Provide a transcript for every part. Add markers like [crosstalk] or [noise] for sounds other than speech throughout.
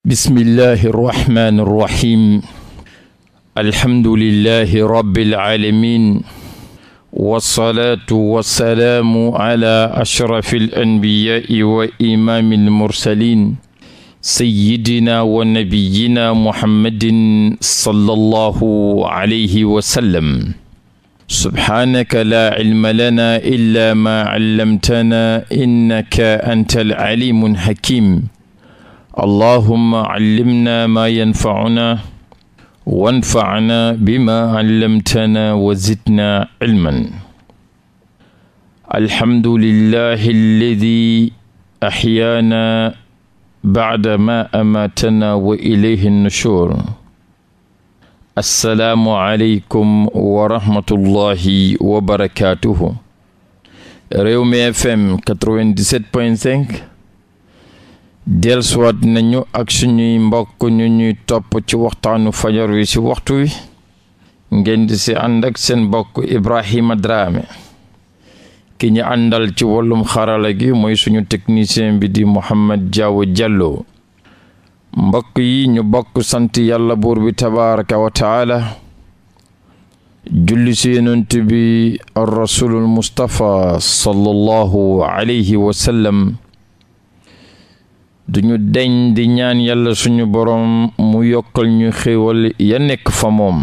bismillahi irrahmani irrahim alhamdulilahi rabiilalamin walsalaatu wassalaamu ala ashrafi alanbiyaai wa imaami almursalin sayidina wa nabiyina muhammadin sallallahu alayhi wa sallam subhaanaka laa cilma lana illa maa callamtana innaka anta alcalimu alxakim allahuma callimna maa yanfacunaa wanfacnaa bimaa callamtanaa wa zidnaa cilman alhamdulillahi alladi axyaanaa bacda maa amaatanaa wa ilayhi nushuur assalaamu aleykum wa rahmatullahi wa barakaatuhu Rewmi FM 97.5 delsuwaat nañu ak suñuy mbokk ñu ñuy topp ci waxtaanu fajar wi ci waxtu wi ngeen di si ànd seen mbokk Ibrahima Drame ki ñu àndal ci wàllum xarala gi mooy suñu technicien bi di Mouhamed Diaw Diallo mbokk yi ñu bokk sant yàlla buur bi tabaraka wa taala julli si yonent bi ar mustafa mustapha sallallahu alayhi wa sallam duñu deñ di ñaan yàlla suñu borom mu yokkal ñu xéewal ya nekk fa moom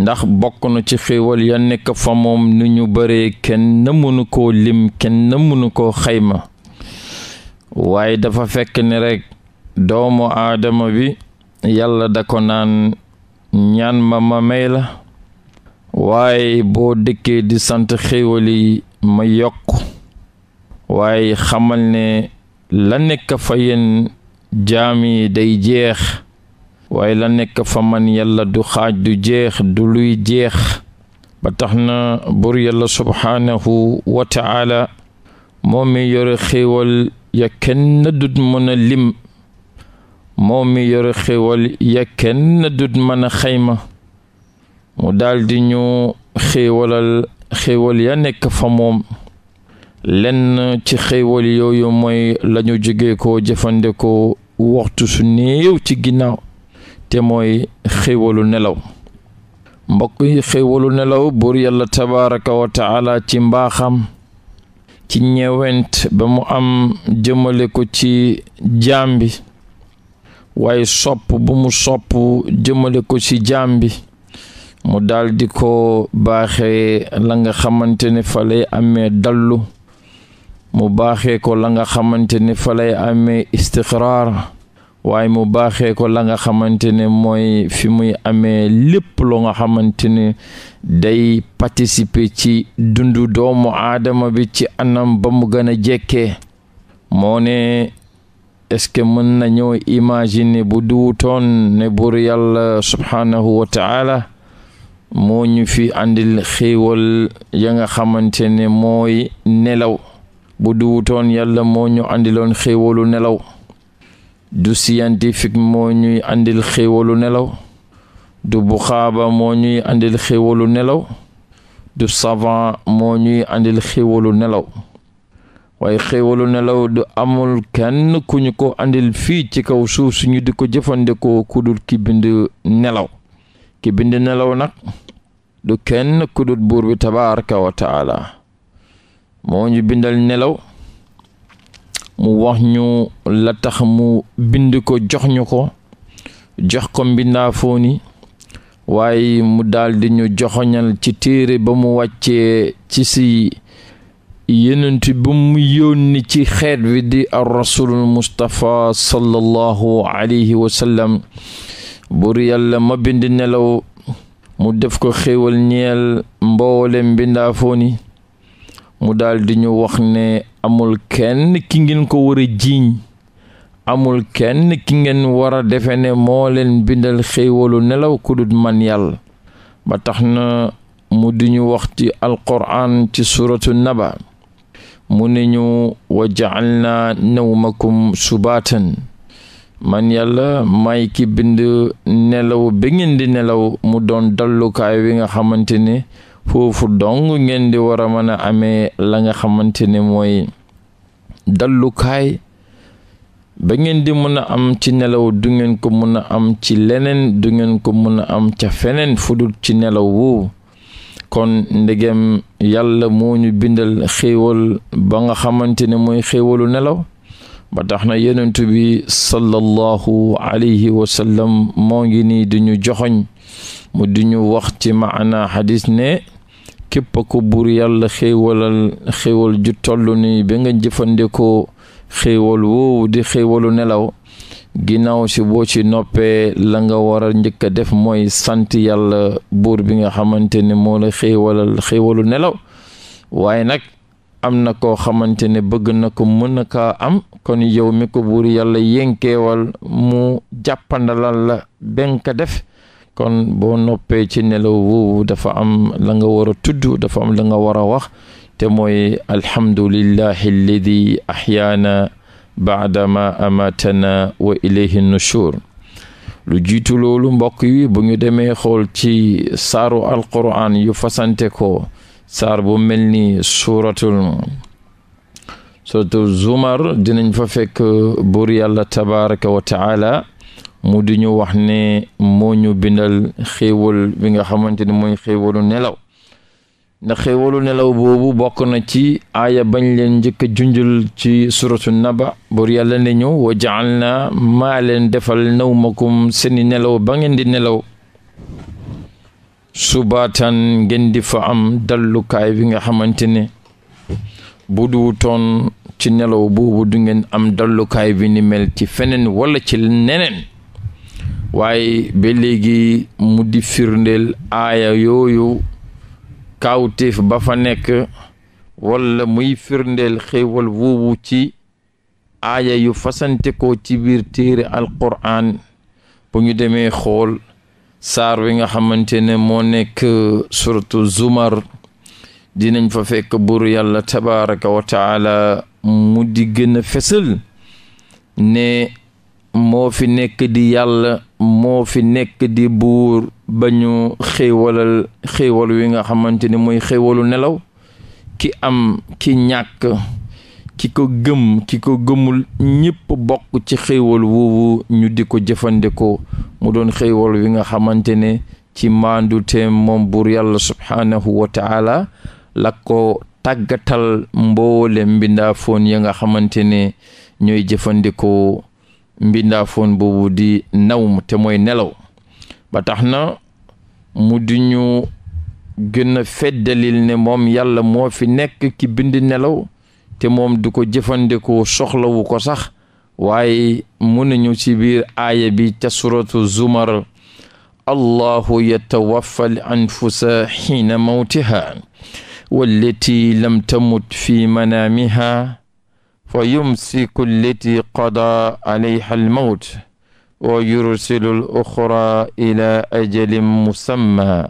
ndax bokk na ci xéewal ya nekk fa moom ni ñu bare kenn mënu koo lim kenn mënu koo xayma waaye dafa fekk ni rekk doomu aadama bi yàlla da ko naan ñaan ma ma may la waaye boo dëkkee di sant xéewal yi ma yokk waaye xamal ne la nekk fa yéen jaami day jeex waaye la nekk fa man yàlla du xaaj du jeex du luy jeex ba tax na bur yalla subhaanahu wa taala moo mi yore xéewal ya kenn dut mën a lim moo mi yore xéewal ya kenn dut mën a xayma mu daldi ñu xéewalal xéewal ya nekk fa moom lenn ci xéewal yooyu mooy lañu jóge ko jëfandikoo waxtu su néew ci ginnaaw te mooy xéewalu nelaw mbokk yi xéewalu nelaw buur yàlla tabaaraka wa ci mbaaxam ci ñeewent ba mu am jëmale ko ci jaam bi waaye sopp bu mu sopp jëmale ko ci jaam bi mu daldi ko baaxe la nga xamante ne fa amee dallu mu baaxee ko la nga xamante ne fa amee istixraar waaye mu baaxee ko la nga xamante ne mooy fi muy amee lépp loo nga xamante ne day participer ci dundu doomu aadama bi ci anam ba mu gën a jekkee moo ne est-ce que mën nañoo imaginer bu duwutoon ne buur yàlla subhaanahu wa moo ñu fi andil xiiwal ya nga xamante ne mooy nelaw bu duwutoon yàlla moo ñu àndiloon xéewalu nelaw du scientifique moo ñuy àndil xéewalu nelaw du buxaaba moo ñuy àndil xéewalu nelaw du savant moo ñuy àndil xéewalu nelaw waaye xéewalu nelaw du amul kenn ku ñu ko àndil fii ci kaw suuf suñu di ko jëfandikoo ku dul ki bind nelaw ki bind nelaw nag du kenn ku dul buur bi tabaraka wa moo ñu bindal nelaw mu wax ñu la tax mu bind ko jox ñu ko jox ko mbindaa ni waaye mu daldi ñu joxoñal ci téere ba mu wàccee ci si yenent ba mu yónni ci xeet wi di ar rasulul mustapha sallallahu alayhi wa sallam yàlla ma bind nelaw mu def ko xéwal ñeel mboolem mbindaa fooni mu daldi di ñu wax ne amul kenn ki ngeen ko war a jiiñ amul kenn ki ngeen war a defe ne moo leen bindal xéewalu nelaw ku dut man yàlla ba tax na mu di ñu wax ci alquraan ci suratu naba mu ne ñu wa ja'alna nawmakum subaatan man yàlla may ki bind nelaw ba ngeen di nelaw mu doon dallukaay wi nga xamante ne foofu dong ngeen di war a mën a ame la nga xamante ne mooy dallukaay ba ngeen di mën a am ci nelaw du ngeen ko mën a am ci leneen du ngeen ko mën a am ca feneen fudul ci nelaw woowu kon ndegem yàlla moo ñu bindal xéewal ba nga xamante ne mooy xéewalu nelaw ba tax na yonent bi sallallahu alayhi wa moo ngi nii di ñu joxoñ mu di ñu wax ci maana xadis ne képp ko buur yàlla xéewalal xéwal ju toll ni ba nga jëfandikoo xéwal woowu di xéewalu nelaw ginnaaw si boo ci noppee la nga war njëkk a def mooy sant yàlla buur bi nga xamante ne moo la xéewalal xéewalu nelaw waaye nag am na koo xamante ne bëgg na ko mën a kaa am kon yow mi ko buur yàlla yénkeewal mu jàppandalal la benn def kon boo noppee ci nelaw woowu dafa am la nga war a tudd dafa am la nga war a wax te mooy alhamdulillahi alladi ahyaana baadama amatana wa ilayhi nushur lu jiitu loolu mbokk yi bu ñu demee xool ci saaru alquran yu fasante ko saar bu mel ni suuratul zumar dinañ fa fekk buur yàlla tabaraka wa mu di ñu wax ne mooñu ñu bindal xéewal bi nga xamante ne mooy xéewalu nelaw ndax xéewalu nelaw boobu bokk na ci aaya bañ leen njëkk a junjul ci suratu naba bur yàlla ne ñu wa jaal na maa leen defal nawmakum seeni nelaw ba ngeen di nelaw subaatan ngeen di fa am dallukaay bi nga xamante ne bu duwutoon ci nelaw boobu du ngeen am dallukaay bi ni mel ci feneen wala ci neneen waaye ba léegi mu di firndeel aya yooyu kawtéef ba fa nekk walla muy firndeel xéewal boobu ci aaya yu fasante ko ci biir téere alquraan bu ñu demee xool saar wi nga xamante ne moo nekk suratu zumar dinañ fa fekk buur yàlla tabaraka wa taala mu di gën a fesal moo fi nekk di yàlla moo fi nekk di buur ba ñu xéewalal xéewal wi nga xamante ni mooy xéewalu nelaw ki am ki ñàkk ki ko gëm ki ko gëmul ñëpp bokk ci xéewal woowu ñu di ko jëfandikoo mu doon xéewal wi nga xamante ne ci maandu teem moom buur yàlla subhaanahu wa taala la ko tàggatal mboole mbindaafoon ya nga xamante ne ñooy jëfandikoo mbindaafoon boobu di nawm te mooy nelaw ba tax na mu di ñu gën a feddalil ne moom yàlla moo fi nekk ki bind nelaw te moom du ko jëfandikoo soxlawu ko sax waaye mun nañu ci biir aaya bi ca suratu zumar allahu yatawaffa al anfusa xiina mawtiha wallati lam tamut fi manaamiha fa yumsiku allati qada alayha almawt wa yursilu al-uxra ila ajalin musamma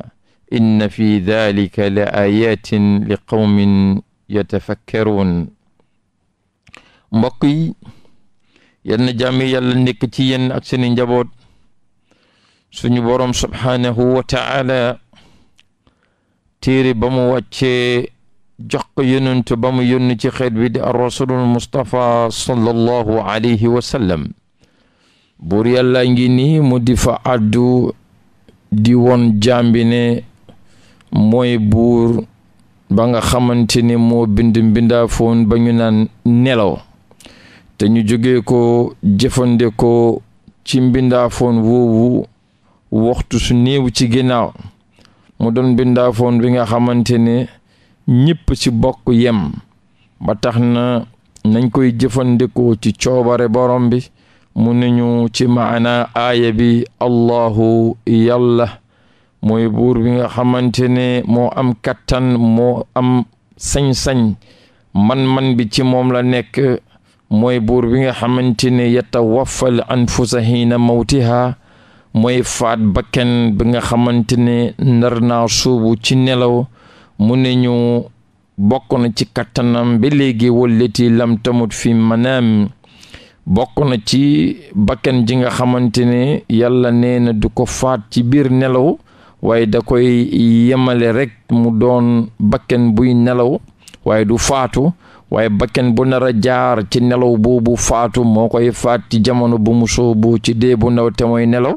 inna fi dalika la ayatin li qawmin yatafakkaruun mbokk yi yal na jàmmi yàlla nekk ci yéen ak seeni njaboot suñu boroom subhaanahu wa taala téere ba mu wàccee jox ko yonent ba mu yónni ci xeet wi di ar rasulul mustapha sallallahu alayhi wa buur yàlla ngi nii mu di fa àddu di won jàmbi ne mooy buur ba nga xamante ni moo bind mbindaafoon ba ñu naan nelaw te ñu jóge ko jëfandikoo ci mbindaafoon woowu waxtu su néew ci ginnaaw mu doon mbindaafoon bi nga xamante ñépp ci bokk yem ba tax na nañ koy jëfandikoo ci coobare borom bi mu nañu ci maana aaya bi allahu yàlla mooy buur bi nga xamante ne moo am kattan moo am sañ-sañ man-man bi ci moom la nekk mooy buur bi nga xamante ne yatawaffal anfusa hiina mawtiha mooy faat ba kenn bi nga xamante ne ndarna suubu ci nelaw mu ne ñëw bokk na ci kattanam ba léegi wallati lam tamut fi manaam bokk na ci bakkan ji nga xamante ne yàlla nee na du ko faat ci biir nelaw waaye da koy yemale rekk mu doon bakken buy nelaw waaye du faatu waaye bakken bu nar a jaar ci nelaw boobu faatu moo koy faat ci jamono bu mu soobu ci dee bu ndaw te nelaw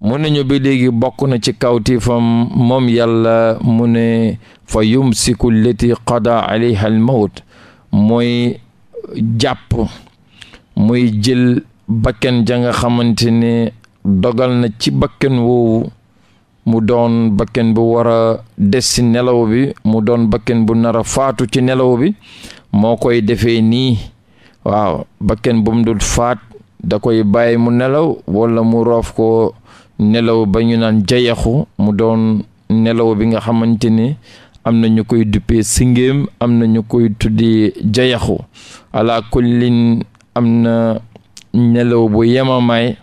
mu ne ñu ba léegi bokk na ci kawtifam moom yàlla mu ne fa yumsiku lati qada alayha al mawt mooy jàpp muy jël bakken janga nga xamante ne dogal na ci bakken woowu mu doon bakken bu war a des ci nelaw bi mu doon bakken bu nar a faatu ci nelaw bi moo koy defee nii waaw bakken bu mu faat da koy bàyyi mu nelaw wala mu roof ko nelaw ba ñu naan jayaxu mu doon nelaw bi nga xamante ne am na ñu koy duppee singéem am na ñu koy tuddi jayaxu ala kullin am na nelaw bu yemamaay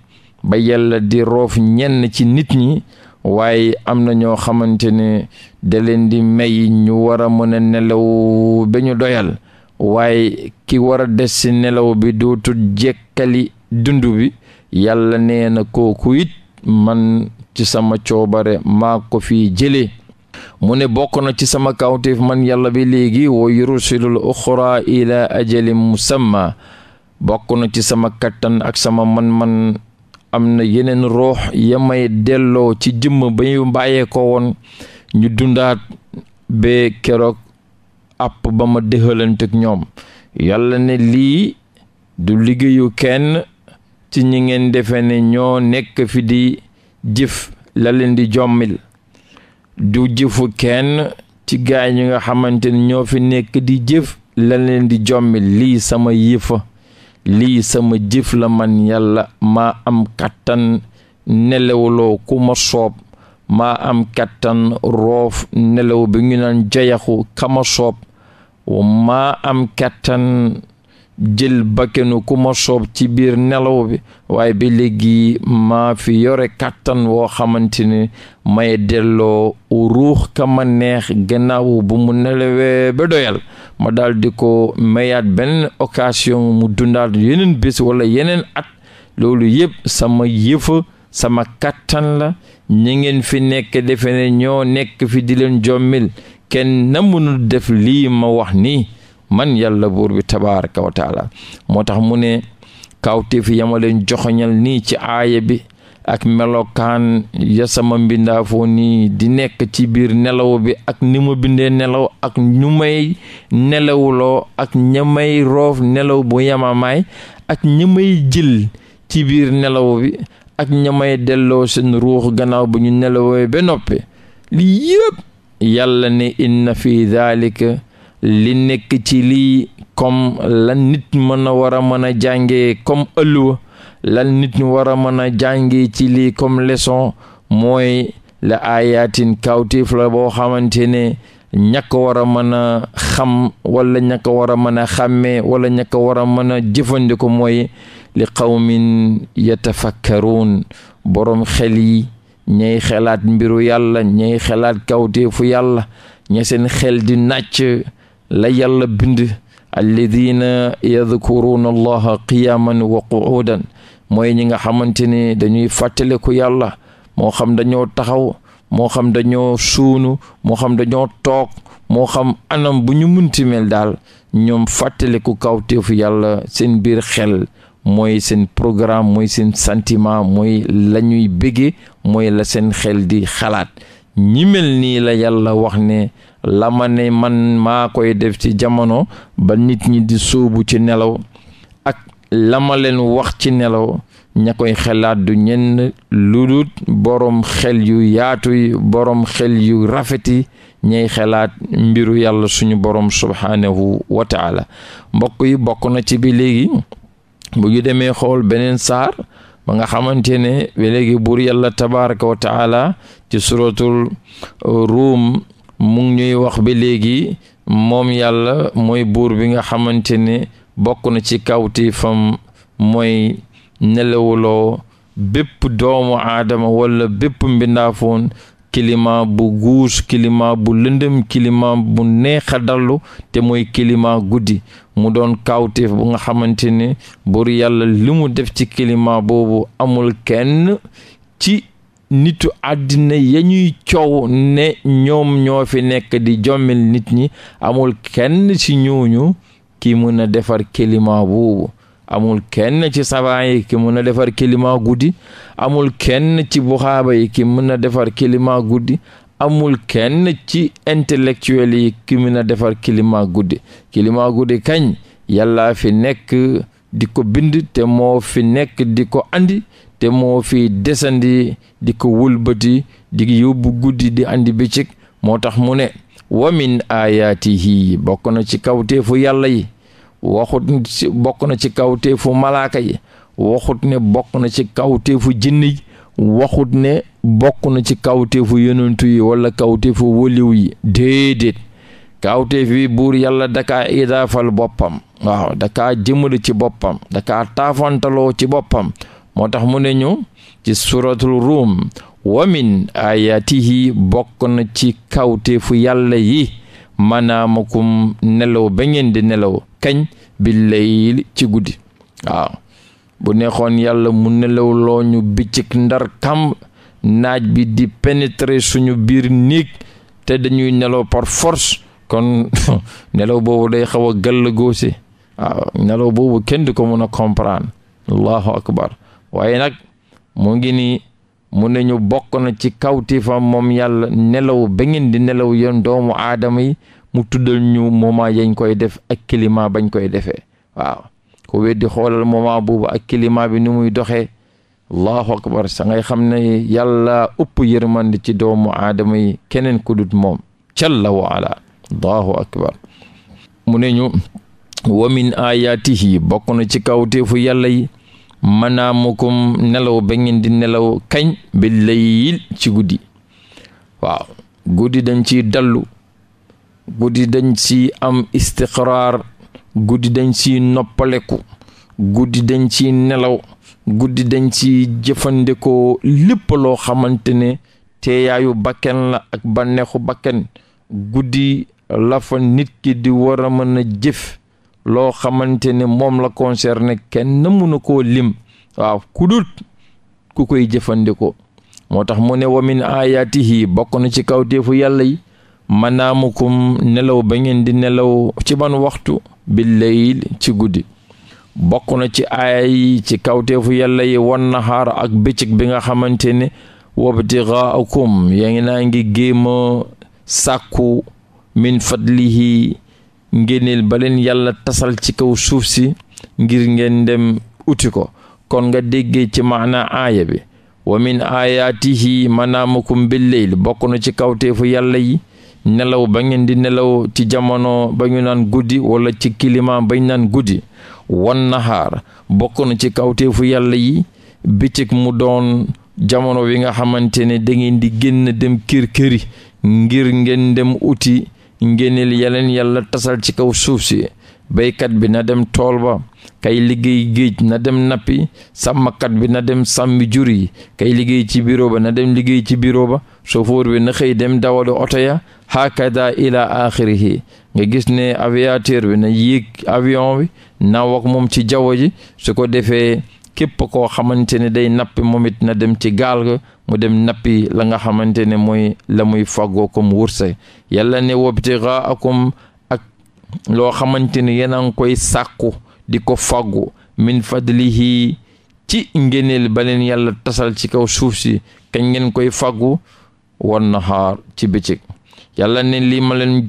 ba yàlla di roof ñenn ci nit ñi waaye am na ñoo xamante ne da leen di may ñu war a mën a nelaw ba ñu doyal waaye ki war a des ci nelaw bi dootul jekkali dund bi yàlla nee na kooku it man ci sama coobare maa ko fi jëlee mu ne bokk na ci sama kawteef man yàlla bi léegi wa yurusilul uxra ila ajalin musamma bokk na ci sama kattan ak sama man-man am na yeneen roox ya may delloo ci jëmm ba ñu bàyyee woon ñu dundaat ba keroog àpp ba ma dëxalantek ñoom yàlla ne lii du liggéeyu kenn ci ñi ngeen defe ne ñoo nekk fi di jëf la leen di jommil du jëfu kenn ci gaay ñi nga xamante ñoo fi nekk di jëf la leen di jommil lii sama yëfa lii sama jëf la man yàlla maa am kattan nelawloo ku ma soob maa am kattan roof nelaw bi ñu naan jayaxu kama soob maa am kattan jël bakkenu ku ma soob ci biir nelaw bi waaye bi léegi maa fi yore kàttan woo xamante ne may delloo ruux ka neex gannaaw bu mu nelawee ba doyal ma daldi ko mayaat benn occasion mu dundaat yeneen bés wala yeneen at loolu yëpp sama yëfa sama kàttan la ñi ngeen fi nekk defe ne ñoo nekk fi di leen jommil kenn na mënul def lii ma wax nii man yàlla buur bi tabaraka wa moo tax mu ne kawteef yama leen joxoñal nii ci aaya bi ak melokaan ya sama mbindaafoo nii di nekk ci biir nelaw bi ak ni mu nelaw ak ñu may nelawuloo ak ña may nelaw bu yamamaay ak ña may jël ci biir nelaw bi ak ña delloo seen ruux gannaaw bu ñu nelawee ba noppi li yëpp yàlla ne inna fi daalika li nekk ci lii comme lan nit mën a war a mën a jàngee comme ëlluwa lan nit ñu war a mën a jàngee ci lii comme leçon mooy la ayatin kawtif la boo xamante ne ñàkk war a mën a xam wala ñàkk war a mën a xàmmee wala ñàkk war a mën a jëfandiko mooy li qawmin yatafakkaruun boroom xel yi ñay xelaat mbiru yàlla ñay xelaat kawteefu yàlla ña xel di nàcc la yàlla bind alladina yadkuruuna allaha qiyaaman wa qu'uudan mooy ñi nga xamante ne dañuy fàttaliku yàlla moo xam dañoo taxaw moo xam dañoo suunu moo xam dañoo toog moo xam anam bu ñu munti mel daal ñoom fàttale fàttaliku kawteefu yàlla seen biir xel mooy seen programme mooy seen santiment mooy la ñuy bége mooy la seen xel di xalaat ñi mel nii la yàlla wax ne la ne man maa koy def ci jamono ba nit ñi di suubu ci nelaw ak la leen wax ci nelaw ña koy xelaat du ñenn ludut boroom xel yu yaatuy boroom xel yu rafeti ñay xelaat mbiru yàlla suñu boroom subhaanahu wa taala mbokk yi bokk na ci bi léegi bu ñu demee xool beneen saar ba nga xamante ne ba léegi buur yàlla tabaraka wa ci suratul ruum mu ngi ñuy wax bi léegi moom yàlla mooy buur bi nga xamante ni bokk na ci kawtifam mooy nelawuloo bépp doomu aadama wala bépp mbindaafoon climat bu guus climat bu lëndëm kilima bu neexa dallu te mooy climat guddi mu doon kawtif bu nga xamante ni buur yàlla li def ci climat boobu amul kenn ci nitu àddina ya ñuy coow ne ñoom ñoo fi nekk di jommel nit ñi amul kenn ci ñooñu ki mun a defar kelima boobu amul kenn ci savant yi ki mun a defar kelima guddi amul kenn ci buxaaba yi ki mun a defar kelima guddi amul kenn ci intellectuel yi ki mun a defar kelima guddi kelima guddi kañ yàlla fi nekk di ko bind te moo fi nekk di ko andi te moo fi desandi di ko wëlbati di yóbbu guddi di andi bëccëg moo tax mu ne wa min ayaatihi bokk na ci kawteefu yàlla yi waxut bokk na ci kawteefu malaaka yi waxut ne bokk na ci kawteefu jinn yi waxut ne bokk na ci kawteefu yonentu yi wala kawteefu wëliw yi déedéet kawteef bi buur yàlla daka idaafal boppam waaw dakaa jëmale ci boppam dakaa taafantaloo ci boppam moo tax mu ne ñu ci suratul ruum womin min ayatihi bokk na ci kawteefu yàlla yi manaamakum nelaw ba ngeen di nelaw kañ bi layl ci guddi waaw bu neexoon yàlla mu nelaw loo ñu bëccëg ndar kam naaj bi di pénétrer suñu biir néeg te dañuy nelaw par force kon [laughs] nelaw boobu day xaw a gàll góose waaw nelaw boobu kenn di ko mën a comprendre allahu akbar waaye nag mu ngi nii mu ne ñu bokk na ci kawtifam moom yàlla nelaw ba ngeen di nelaw yéen doomu aadama yi mu tuddal ñu mooma yañ koy def ak climat bañ koy defee waaw ko weddi xoolal moment boobu ak climat bi ni muy doxee allahu akbar sa ngay xam ne yàlla ëpp yërmande ci doomu aadama yi keneen ku dut moom jalla wa ala allahu akbar mu ne ñu wa min ayatihi bokk na ci kawteefu yàlla yi manaamukum nelaw ba ngeen di nelaw kañ bi layil ci guddi waaw guddi dañ ci dallu guddi dañ ci am istiqraar guddi dañ ci noppaleku guddi dañ ci nelaw guddi dañ ci jëfandikoo lépp loo xamante ne teeyaayu bakken la ak bànneexu bakken guddi la nit ki di war mën a jëf loo xamante ne moom la concerné kenn mënu ko lim waaw ku dut ku koy jëfandikoo moo tax mu ne wa min ayatihi bokk na ci kawteefu yàlla yi manaamukum nelaw ba ngeen di nelaw ci ban waxtu billayl ci guddi bokk na ci aaya ci kawteefu yàlla yi wan nahaar ak bëccëg bi nga xamante ne wabtigaakum yaa ngi naa ngi géema sàkku min fadlihi ngénneel baleen leen yàlla tasal ci kaw suuf si ngir ngeen dem uti ko kon nga déggee ci maana aaya bi wa min aayaatihi manaamukum billeyl bokk na ci kawteefu yàlla yi nelaw ba ngeen di nelaw ci jamono ba ñu naan guddi wala ci climat ba ñu naan guddi wan nahaar bokk na ci kawteefu yàlla yi bëccëg mu doon jamono wi nga xamante ne da di génn dem kër këri ngir ngeen dem uti ngénneel yaleen yàlla tasal ci kaw suuf si béykat bi na dem tool ba kay liggéey géej na dem nappi sàmmkat bi na dem sàmmi jur yi kay liggéey ci bureau ba na dem liggéey ci bureau ba chauffeur bi na xëy dem dawalu oto ya hakada ila axirihi nga gis ne aviateur bi na yéeg avion bi na wak moom ci jaww ji su ko defee képp koo xamante ne day napp moom it na dem ci gaal ga mu dem nappi la nga xamante ne mooy la muy fàggoo kom wurse yàlla ne wabtigaa akum ak loo xamante ne yéen a ngi koy sàkku di ko fàggu min fadlihi ci ngeneel baleen leen yàlla tasal ci kaw suuf si kañ ngeen koy fàggu wan nahaar ci bëccëg yàlla ne li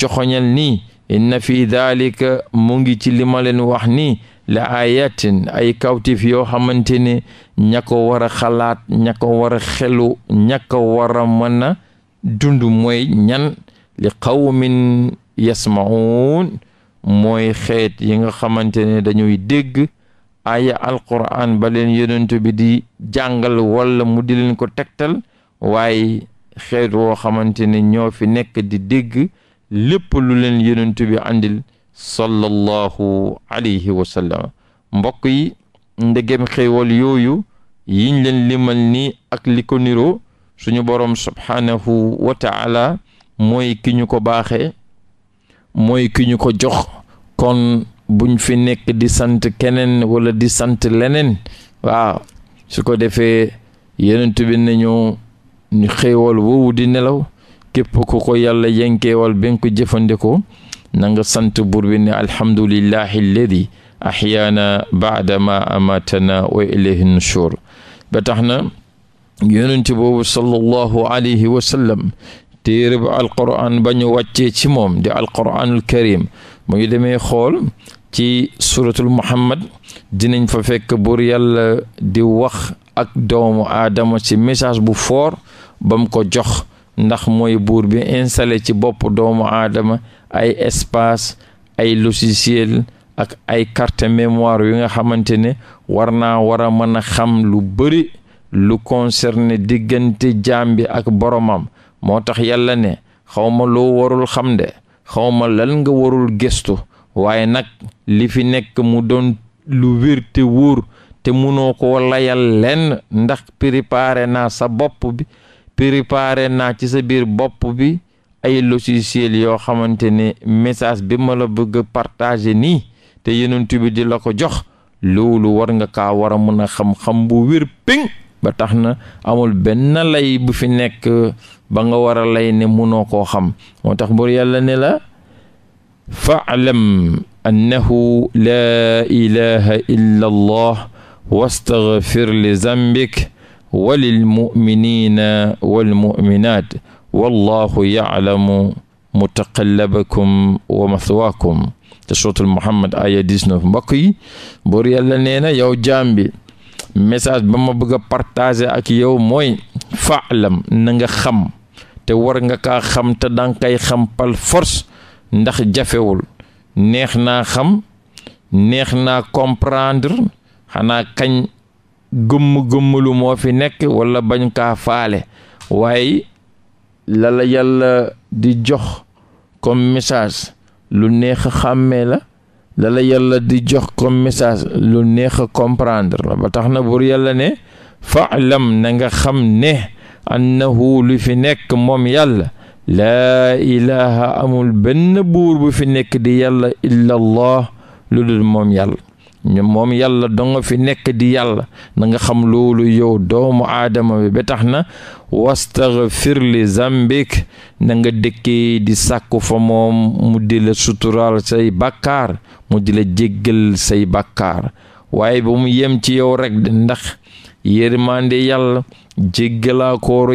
joxoñal nii inna fi daalika mu ngi ci li ma leen wax nii la ayatin ay kawtif yoo xamante ne ña ko xalaat ña ko war xelu ña wara war a mën a dund mooy ñan li qawmin yasmaun mooy xeet yi nga xamante ne dañuy dégg aya alquran ba leen yonent bi di jàngal walla mu di leen ko tegtal waaye xeet woo xamante ne ñoo fi nekk di dégg lépp lu leen yonent bi àndil sallallahu alayhi wa sallam mbokk yi ndegem xéewal yooyu yiñ leen limal ni ak li niroo suñu borom subhaanahu wa taala mooy ki ñu ko baaxee mooy ki ko jox kon buñ fi nekk di sant keneen wala di sant leneen waaw su ko defee yenentu bi nañu ñu xéewal di nelaw képp ku ko yàlla yenkeewal ben ko jëfandikoo nanga sant buur bi ne alhamdulillahi alladi ahyaana baadama amatana wa ilayhi nushur ba tax na yonent boobu sallallahu alayhi wa sallam téere ba alquran ba wàccee ci moom di alquranul karim mu ngi demee xool ci suratul muhammad dinañ fa fekk buur yàlla di wax ak doomu aadama ci message bu foor ba mu ko jox ndax mooy buur bi installé ci bopp doomu aadama ay espace ay logiciel ak ay carte mémoire yu nga xamante ne war naa war a mën a xam lu bëri lu concerne diggante jaam bi ak boromam moo tax yàlla ne xawma loo warul xam de xawma lan nga warul gëstu waaye nag li fi nekk mu doon lu wér te wóor te munoo ko layal lenn ndax préparé naa sa bopp bi préparé naa ci sa biir bopp bi ay logiciel yoo xamante ne message bi ma la bëgg a partager nii te yonent bi di la ko jox loolu war nga ka war a mën a xam-xam bu wér péng ba tax na amul benn lay bu fi nekk ba nga war a lay ne munoo koo xam moo tax bur yàlla ne la faalam annahu laa ilaha illa allah wastaghfir walil muminina wal muminat wallahu yaalamu mutaqallabakum wa mathwaakum te suratul muhammad aya 19 mbokk yi buur yàlla nee na yow jaam bi message ba ma bëgg a partager ak yow mooy faalam nanga xam te war nga kaa xam te danga kay xam pal force ndax jafewul neex naa xam neex naa comprendre xanaa kañ gëmm gëmmalu moo fi nekk wala bañ kaa faale waaye la yàlla di jox comme message lu neex a xàmmee la la yàlla di jox comme message lu neex a comprendre ba tax na buur yàlla ne faalam na nga xam ne annahu lu fi nekk moom yàlla laa ilaha amul benn buur bu fi nekk di yàlla illa allah lu dul moom yàlla moom yàlla donga fi nekk di yàlla nanga xam loolu yow doomu aadama bi ba tax na wastaghfir li zambik na nga dëkkee di sàkku fa moom mu di la sutural say bàkkaar mu di la jéggal say bàkkaar waaye ba mu yem ci yow rek ndax yërmande yàlla jéggalaa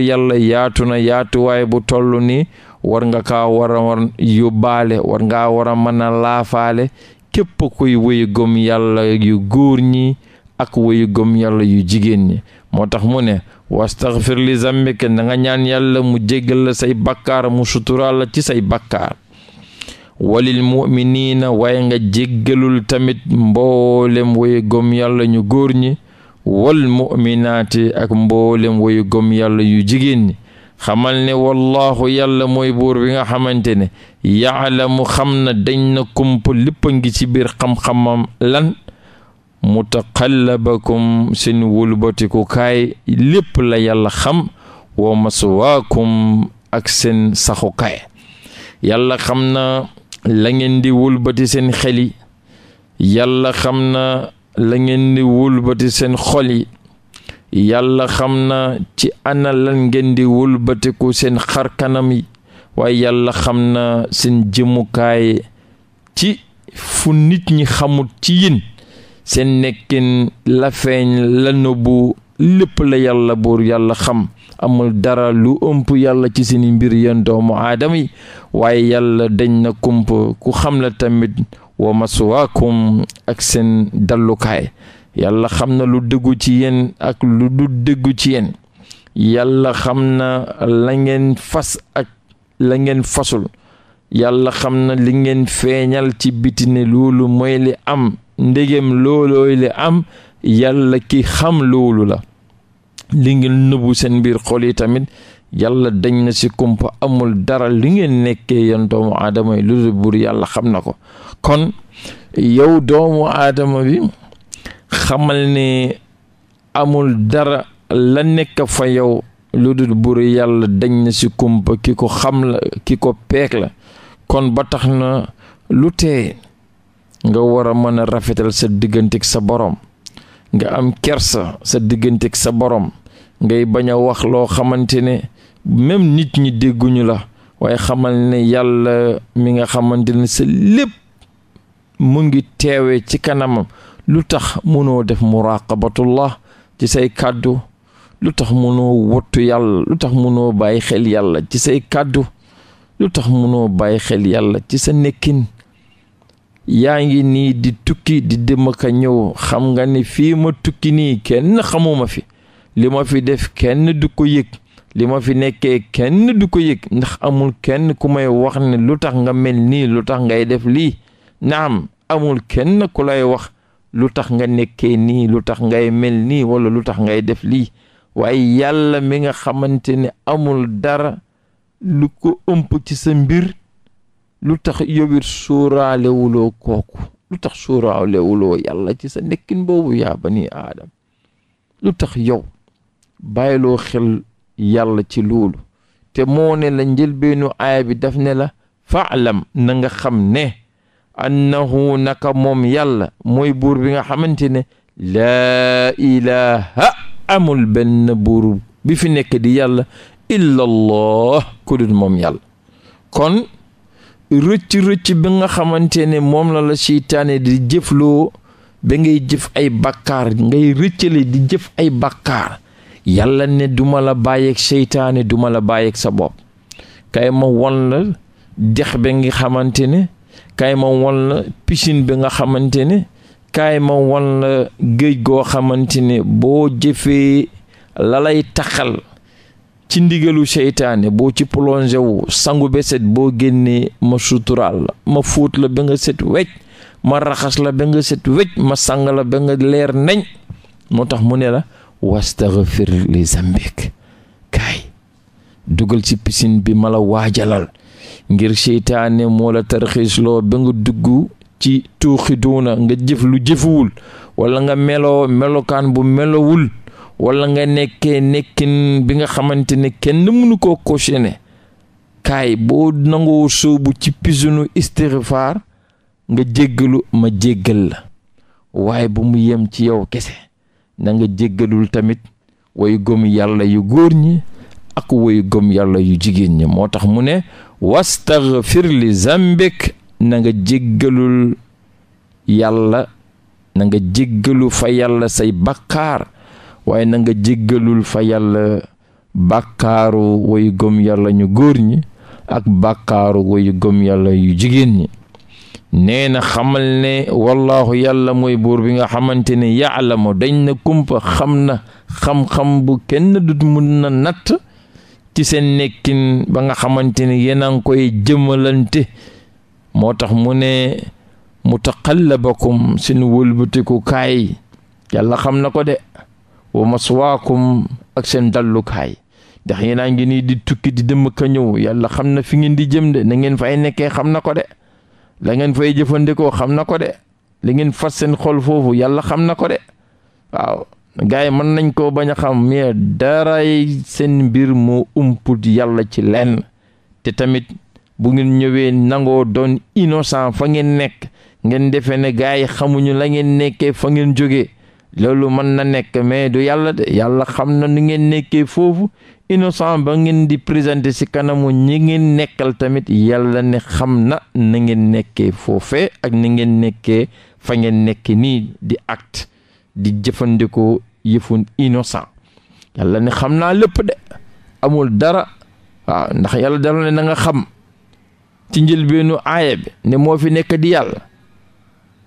yalla yaatu na yaatuwaay bu toll nii war nga kaa war yóbbaale war ngaa war a laafaale képp kuy wéyu gëm yàlla yu góor ñi ak wéyu gëm yàlla yu jigéen ñi moo tax mu ne wastaxfir li zambika na nga ñaan yàlla mu jéggal la say bakkaar mu suturaal la ci say bakkaar walil muminina waaye nga jéggalul tamit mboolem wéyu gëm yàlla ñu góor ñi wal muminaati ak mboolem wéyu gëm yàlla yu jigéen ñi xamal ne wallaahu yàlla mooy buur bi nga xamante ne mu xam na dañ na kumpa lépp a ngi ci biir xam-xamam lan mutaqallabakum seen wulbatiku kaay lépp la yàlla xam wa maswaakum ak seen saxukaay yàlla xam na la ngeen di wulbati seen xel yi yàlla xam na la ngeen di wulbati sen xol yàlla xam na ci ana lan ngeen di wëlbatiku seen xarkanam yi waaye yàlla xam na seen jëmukaay ci fu nit ñi xamut ci yéen seen nekkin la feeñ la nëbbu lépp la yàlla buur yàlla xam amul dara lu ëmp yàlla ci seen mbir yéen doomu aadama yi waaye yàlla dañ na kump ku xam la tamit wa masuwaakum ak seen dallukaay yàlla xam na lu dëggu ci yéen ak lu ci yéen yàlla xam na la ngeen fas ak la ngeen fasul yàlla xam na li ngeen feeñal ci biti ne loolu mooy li am ndegem loolooy li am yàlla ki xam loolu la li ngeen nëbbu seen biir xol yi tamit yàlla dañ na si kumpa amul dara li ngeen nekkee yan doomu aadama yi loolu buur yàlla xam na ko kon yow doomu aadama bi xamal ni amul dara la nekk fa yow lu dul buru yàlla dañ na ci kumpa ki ko xam la ki ko peek la kon ba tax na lu tee nga war a mën a rafetal sa digganteeg sa borom nga am kersa sa digganteeg sa borom ngay bañ a wax loo xamante ne même nit ñi dégguñu la waaye xamal ne yàlla mi nga xamante ne sa lépp mu ngi teewee ci kanamam lu tax munoo def muraqabatullah ci say kàddu lu tax munoo wottu yàlla lu tax munoo bàyyi xel yàlla ci say kàddu lu tax munoo bàyyi xel yàlla ci sa nekkin yaa ngi nii di tukki di dem ka ñëw xam nga ni fii ma tukki nii kenn xamuma fi li ma fi def kenn du ko yëg li ma fi nekkee kenn du ko yég ndax amul kenn ku may wax ne lu tax nga mel nii lu tax ngay def lii naam amul kenn ku lay wax lu tax nga nekkee nii lu tax ngay mel nii walla lu tax ngay def lii waaye yàlla mi nga xamante ne amul dara lu ko ëmp ci sa mbir lu tax yobit suuraalewuloo kooku lu tax suuraalewuloo yàlla ci sa nekkin boobu yaa bani aadam lu tax yow bàyyiloo xel yàlla ci luulu te moo ne la njëlbeenu aaya bi daf ne la faalam na nga xam ne annahu naka moom yàlla mooy buur bi nga xamante ne laa ilaha amul benn buur bi fi nekk di yàlla illallah ku dul moom yàlla kon rëcc-rëcc bi nga xamante ne moom la la seytaane di jëfloo ba ngay jëf ay bàkkaar ngay rëccale di jëf ay bàkkaar yàlla ne duma la bàyyeeg seytaane duma la bàyyeeg sa bopp kay ma won la dex ba nga xamante ne kaay ma won la piscine bi nga xamante ne kaay ma won la géej goo xamante ne boo jëfee la lay taxal ci ndigalu seytaane boo ci plongé wu sangu be set boo génnee ma suturaal la ma fóot la ba nga set wecc ma raxas la ba nga set wecc ma sang la ba nga leer nañ moo tax mu ne la wastaghfir li zambik kaay dugal ci piscine bi ma la waajalal ngir seytaane moo la tarxiisloo ba nga dugg ci tuuxi duuna nga jëf lu jëfuwul wala nga meloo melokaan bu melowul wala nga nekkee nekkin bi nga xamante ne kenn mënu ko cautionné kaay boo nangoo soobu ci pisinu istixfaar nga jéggalu ma jéggal la waaye bu mu yem ci yow kese na nga tamit way gëm yàlla yu góor ñi ak woy gëm yàlla yu jigéen ñi moo tax mu ne wastaghfir li zambik nanga nga jéggalul yàlla na nga jéggalu fa yàlla say bàkkaar waaye na nga jéggalul fa yàlla bakkaaru woy gëm yàlla ñu góor ñi ak bàkkaaru woy gëm yàlla yu jigéen ñi nee na xamal ne wallaahu yàlla mooy buur bi nga xamante ne yaalama dañ na kumpa xam na xam-xam bu kenn du mun na natt ci seen nekkin ba nga xamante ni yéen a ngi koy jëmalante moo tax mu ne mu mutaqallabakum seen wëlbatiku kaay yàlla xam na ko de wa maswaakum ak seen dallukaay ndax yéen a ngi nii di tukki di dem ka ñëw yàlla xam na fi ngeen di jëm de na ngeen fay nekkee xam na ko de la ngeen fay jëfandikoo xam na ko de li ngeen fas seen xol foofu yàlla xam na ko de waaw gars yi mën nañ koo bañ a xam mais daray seen mbir moo umput yàlla ci lenn te tamit bu ngeen ñëwee nangoo doon innocent fa ngeen nekk ngeen defee ne gars yi xamuñu la ngeen nekkee fa ngeen jóge loolu mën na nekk mais du yàlla de yàlla xam na nu ngeen nekkee foofu innocent ba ngeen di présenté si kanamu ñi ngeen nekkal tamit yàlla ne xam na na ngeen nekkee foofee ak na ngeen nekkee fa ngeen nekk nii di acte di jëfandikoo yëfun innocent yàlla ne xam naa lépp de amul dara waaw ndax yàlla dara ne na nga xam ci njëlbeenu aaya bi ne moo fi nekk di yàlla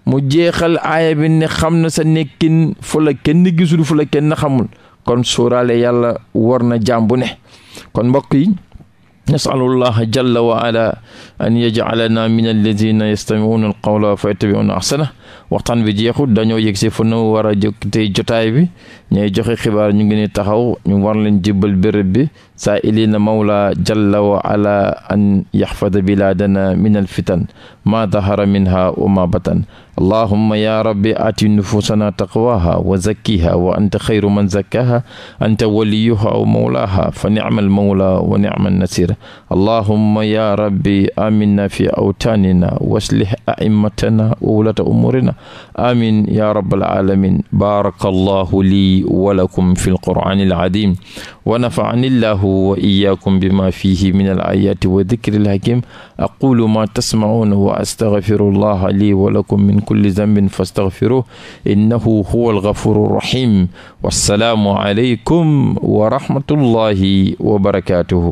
mu jeexal aaya bi ne xam na sa nekkin fu la kenn gisul fu la kenn xamul kon sóoraale yàlla war na jàmbu ne kon mbokk yi nasalullaha jalla wa ala an yajalana min alladina yastamiuna alqawla fa yattabiuna ahsana waxtaan wi jeexut dañoo yëg si fa nu war a jóg tey jotaay bi ñooy joxe xibaar ñu ngi ne taxaw ñu war leen jibbal béréb bi saa mawla jalla wa ala an yaxfada bilaadana min alfitan maa dahara minha wa ma batan allahumma ya rabbi ati nufusana taqwaha wa zakkiha wa anta xayru man zakkaha anta waliyuha aw mawlaha fa nicma almawla wa nicma alnasir allahumma ya rabbi aminna fi awtanina waslih aimatana wa wulata umur أمرنا آمين يا رب العالمين بارك الله لي ولكم في القرآن العظيم ونفعني الله وإياكم بما فيه من الآيات وذكر الحكيم أقول ما تسمعون وأستغفر الله لي ولكم من كل ذنب فاستغفروه إنه هو الغفور الرحيم والسلام عليكم ورحمة الله وبركاته